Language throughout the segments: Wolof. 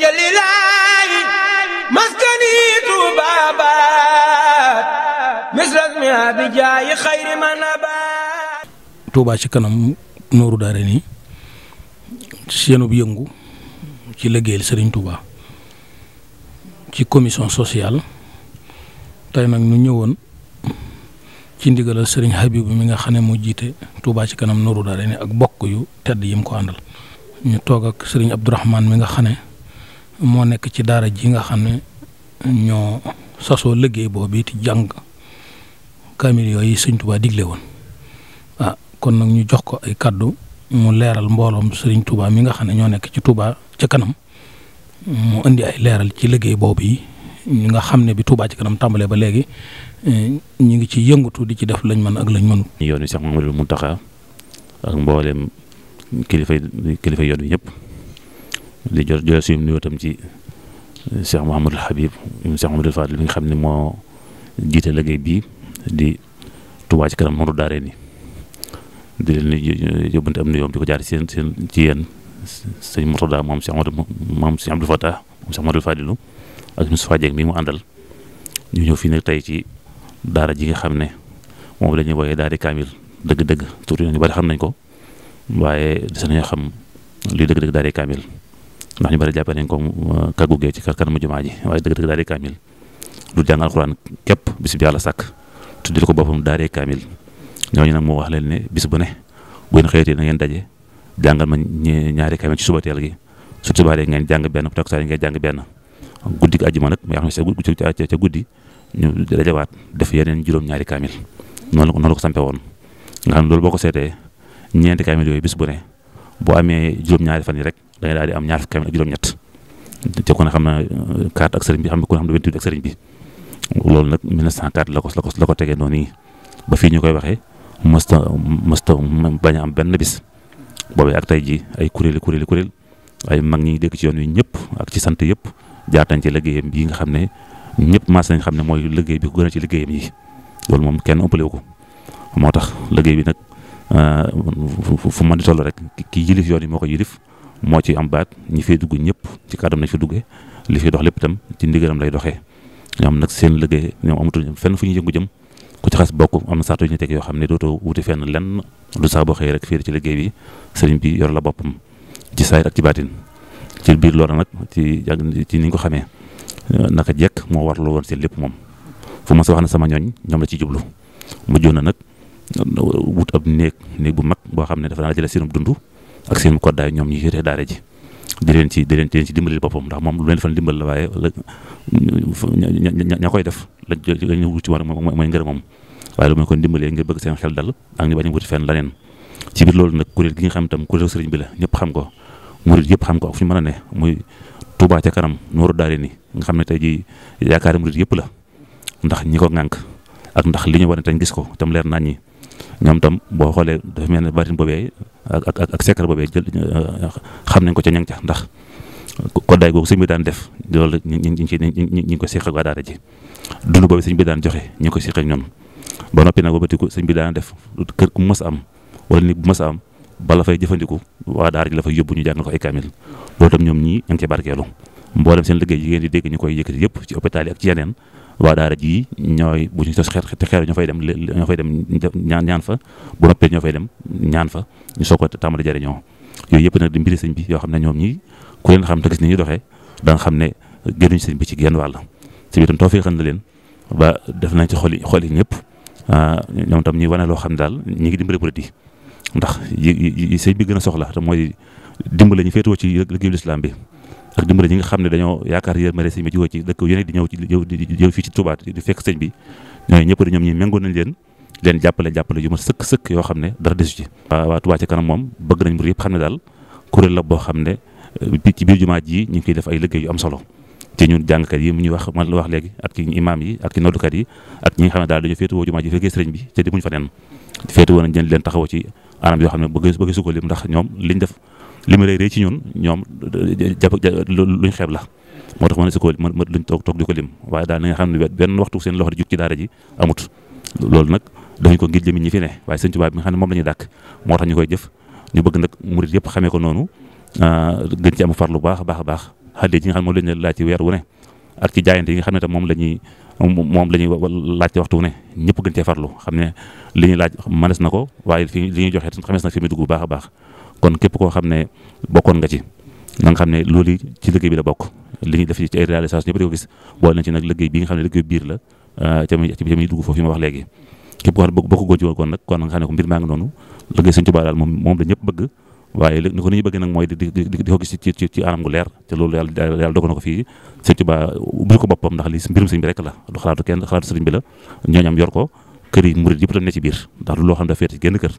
wajalilaayi Tuuba ci kanam nooru daare nii seenub yëngu ci liggéeyal Sëriñ Tuuba ci commission sociale tey nag ñu ñëwoon ci ndigalal sëriñ Habibu mi nga xam ne moo jiite Touba ci kanam Nourou Darayni ak bokk yu tedd yi ko àndal ñu toog ak sëriñ Abdourahman mi nga xam moo nekk ci daara ji nga xam ne ñoo sasoo liggéey boobu ti jàng kaamil yooyu sëñ Tuubaa digle woon ah kon nag ñu jox ko ay kàddu mu leeral mbooloom sëriñ Tuubaa mi nga xam ne ñoo nekk ci Tuubaa ca kanam mu indi ay leeral ci liggéey boobu yi ñi nga xam ne bi Tuubaa ci kanam tàmbalee ba léegi eh, ñu ngi ci yëngatu di ci def lañ mën ak lañ mënu yoon wi sax Mouhamadou Mountakha ak mboolem kilifa kilifa yoon wi ñëpp. li jot jot suñu nuyoo tam ci euh, Cheikh Mouhamadul Habib Cheikh Mouhamadul Fadil bi nga xam ne moo jiite liggéey bii di Touba ci kanam Nourou Darayni di leen yóbbante am nuyoo di ko jaar seen seen ci yéen sëñ Mourtada moom Cheikh Mouhamadou moom Cheikh Abdou Fatah moom Cheikh Mouhamadul Fadilu ak Moustapha Dieng mi mu àndal ñu ñëw fii nag tey ci daara ji nga xam ne moom la ñuy woowee daara kaamil dëgg-dëgg tur ñu bari xam nañ ko waaye des nañoo xam luy dëgg-dëgg daara kaamil ndax ñu bari jàppee nañ ko uh, kàggu gee ci kanamu jumaa ji waaye dëgg-dëgg daaree kaamil du jàng alxuraan képp bis bi yàlla sàkk tuddil ko boppam daaree kaamil ñooñu nag moo wax leen ne bis bu ne bu ngeen xëyatee na ngeen daje jàngal ma ñaari kaamil ci suba teel gi su tubaaree ngeen jàng benn bu takkusaan ngeen jàng benn guddi gi àjjuma nag mu yàq ne ca guddi ñu dajawaat def yeneen juróom-ñaari kaamil noonu noonu la ko sampe woon nga xam loolu boo ko seetee ñeenti kaamil yooyu bis bu ne boo amee juróom-ñaari fan yi rek da daal di am ñaar fukki ak juróom-ñett te kon xam na 4 euh, ak sëriñ bi xam ne kon xam na 28 ak sëriñ bi loolu nag 1904 la ko la ko la ko tegee noonu nii ba fii ñu koy waxee mësta mësta bañ am benn bis boobee ak tey ji ay kuréeli kuréeli kuréel ay mag ñi dégg ci yoon wi ñëpp ak ci sant yëpp jaar nañ ci liggéeyam bii nga xam ne ñëpp mas nañ xam ne mooy liggéey bi ko gën a ci liggéeyam yi loolu moom kenn ëppale ko moo tax liggéey bi nag euh, fu mën di toll rek ki yilif yoon yi moo yilif moo ci am baat ñi fay dugg ñëpp ci kàddam lañ fi duggee li fi dox lépp itam ci ndigalam lay doxee ñoom nag seen liggéey ñoom amatul fenn fu ñu yëngu jëm ku ci xas bokk am na saatu yu ñu teg yoo xam ne dootoo wuti fenn lenn du saa boo xëyee rek fii ci liggéey bi sëriñ bi yor la boppam ci saayir ak ci baatin ci biir loolu nag ci ci ni ko xamee naka jekk moo war lu woon seen lépp moom fu sa wax ne sama ñooñ ñoom la ci jublu mujjoon na nag wut ab néeg néeg bu mag boo xam ne dafa naa jële seenub dund ak seen koddaay ñoom ñi yore daara ji di leen ci di leen ci dimbali boppam ndax moom lu leen fan dimbal la waaye la ña koy def la ñu wut ci war mooy ngërëmam waaye lu mooy kon dimbalee ngir bëgg seen xel dal ak ñu bañ a wuti fenn leneen ci biir loolu nag kuréel gi nga xam tam kuréel sëriñ bi la ñëpp xam ko murid yëpp xam ko ak fu a ne muy Touba ca kanam nooro daare ni nga xam ne tey ji yaakaari murid yëpp la ndax ñi ko ŋànk ak ndax li ñu war ne tañ gis ko tam leer nañ ñi ñoom tam boo xoolee dafa mel ne batin boobee ak ak ak secret boobee jël xam nañ ko ca ña ca ndax koddaay googu sëñ bi daan def loolu ñu ñi ñu ngi ko seq ak waa daara ji dund boobu sëñ bi daan joxe ñu ngi ko seq ak ñoom ba noppi nag wëbatiku sëñ bi daan def kër ku am wala nit bu mës a am bala fay jëfandiku waa daara ji la fay yóbbu ñu jàngal ko ay kaamil loolu tam ñoom ñii ña ngi ca barkeelu mboolem seen liggéey yi di dégg ñu koy yëkkati yëpp ci ak ci yeneen waa daara ji ñooy bu ñu sos xeet xeer ñoo fay dem ñoo fay dem ñaan ñaan fa bu noppee fay dem ñaan fa ñu soog ko tàmbali jariñoo yooyu yëpp nag di mbiri sëñ bi yoo xam ne ñoom ñi ku leen xam te gis ni ñi doxee da nga xam ne génnuñu sëñ bi ci genn wàll si biitam tawfeexal na leen ba def nañ ci xol yi xol yi ñëpp ah, ñoom tam ñuy wane loo xam ne daal ñi ngi dimbali di ndax yi sëñ bi gën a soxla te mooy dimbali ñu féetewoo ci la si lislaam bi ak dimbale ñi nga xam ne dañoo yaakaar yërmande sëñ bi bi jumaa ji ñu ngi koy def ay liggéey yu am solo ci ñun jàngkat yi mu ñuy fa neen féetuwoo nañ leen taxawoo ci anam yoo xam ne bëgg su lim ndax ñoom liñ def li mu rëy rëy ci ñun ñoom jàpp luñ xeeb la moo tax ma ne si ko ma luñ toog toog di ko lim waaye daal na nga xam ne benn waxtu seen loxo di jug ci daara ji amut loolu nag dañu ko ngir fi ne waaye sëñ Tuubaa bi moom la ñuy dàkk moo tax ñu koy jëf ñu bëgg nag murit yëpp xamee ko noonu ah, gën ci am farlu baax a baax a baax xaddee ji nga xam ne moom weer wu ne nga xam ne tam moom la ñuy moom la ñuy laaj ci waxtu wu ne ñëpp gën cee farlu xam ne li ñuy laaj mënees na ko waaye fi li ñuy joxe xamees na fi mu baax a baax kon képp koo xam ne bokkoon nga ci na nga xam ne loolu ci liggéey bi la bokk li def ci ay réalisation ñëpp di ko gis nga xam ne liggéey biir la euh, ca muy ca muy dugg ma wax léegi képp koo xam ne bokk góor kon nag kon nga xam ne ko mbir maa ngi noonu liggéey Sëñ Tuubaa daal moom moom la ñëpp bëgg waaye ni ko ni ñu bëgg nag mooy di ko gis ci anam gu leer te loolu yàlla yàlla dogal na ko fii Sëñ ko boppam ndax li mbirum sëñ bi rek la du xalaatu kenn xalaatu sëriñ bi la ñooñu am yor ko kër yi murid yëpp dañ ne ci ndax loo xam ne da féete kër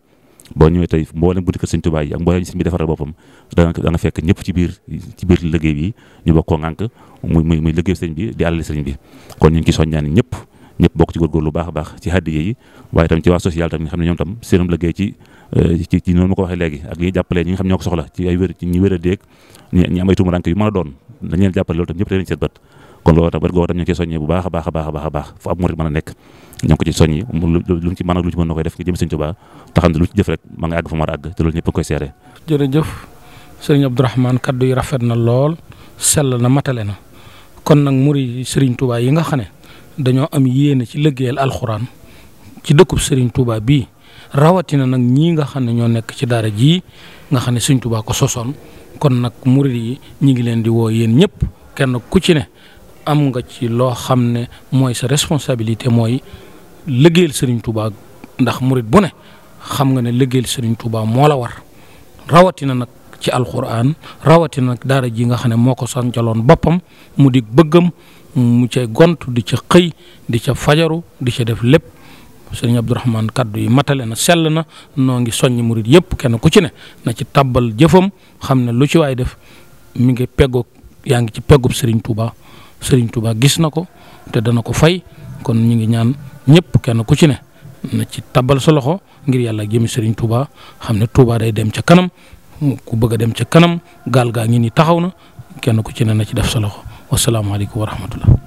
boo ñëwee tey mboolem boutique Sëñ Tuubaa yi ak mboolem sëñ bi defaral boppam da fekk ñëpp ci biir ci biir liggéey bi ñu bokkoo ngànk muy muy muy liggéey sëñ bi di àlali sëñ bi kon ñu ngi ci soññaan ñëpp ñëpp bokk ci góorgóorlu lu baax a baax ci hàddiye yi waaye tam ci waa social tam nga xam ne ñoom tam seenum liggéey ci eh, ci ci noonu ma ko waxee léegi ak li jàppalee ñi nga xam ñoo ko a déeg ñi am ay tuumuranke yu mën doon dañ leen jàppale loolu tam ñëpp te leen seet bët kon loolu tamit googu tam ñu ngi koy soññee bu a baax a baax a baax fu ab murit mën ko ci soññi lu mu ci mën a na koy def nga jëm sëñ Tuubaa jëf rek ma nga àgg fa rafet na lool sell na matale na kon nag muri sëriñ yi nga xam ne dañoo am yéene ci liggéeyal alxuraan ci dëkkub sëriñ Tuubaa bii rawatina nag ñii nga xam ne ñoo nekk ci daara jii nga xam ne sëriñ tubaa ko sosoon kon nag murit yi ñi ngi leen di woo yéen ñëpp kenn ku ci ne am nga ci loo xam ne mooy sa responsabilité mooy liggéeyal Serigne Touba ndax murit bu ne xam nga ne liggéeyal Serigne Touba moo la war rawatina nag ci alxuraan rawatina nag daara ji nga xam ne moo ko sonjaloon boppam mu di bëggam mu cay gont di ca xëy di ca fajaru di ca def lépp sëriñ Abdourahmane kaddu yi matale na sell na noo ngi soññ murit yëpp kenn ku ci ne na ci tàbbal jëfam xam ne lu ci waay def mu ngi peggoog yaa ngi ci peggub Serigne Touba. Serigne Touba gis na ko te na ko fay kon ñu ngi ñaan ñépp kenn ku ci ne na ci tabal sa loxo ngir yàlla jëmi Serigne Touba xam ne Touba day dem ca kanam ku bëgg a dem ca kanam gaal gaa ngi ni taxaw na kenn ku ci ne na ci def sa loxo wasalaamaaleykum wa rahmatullah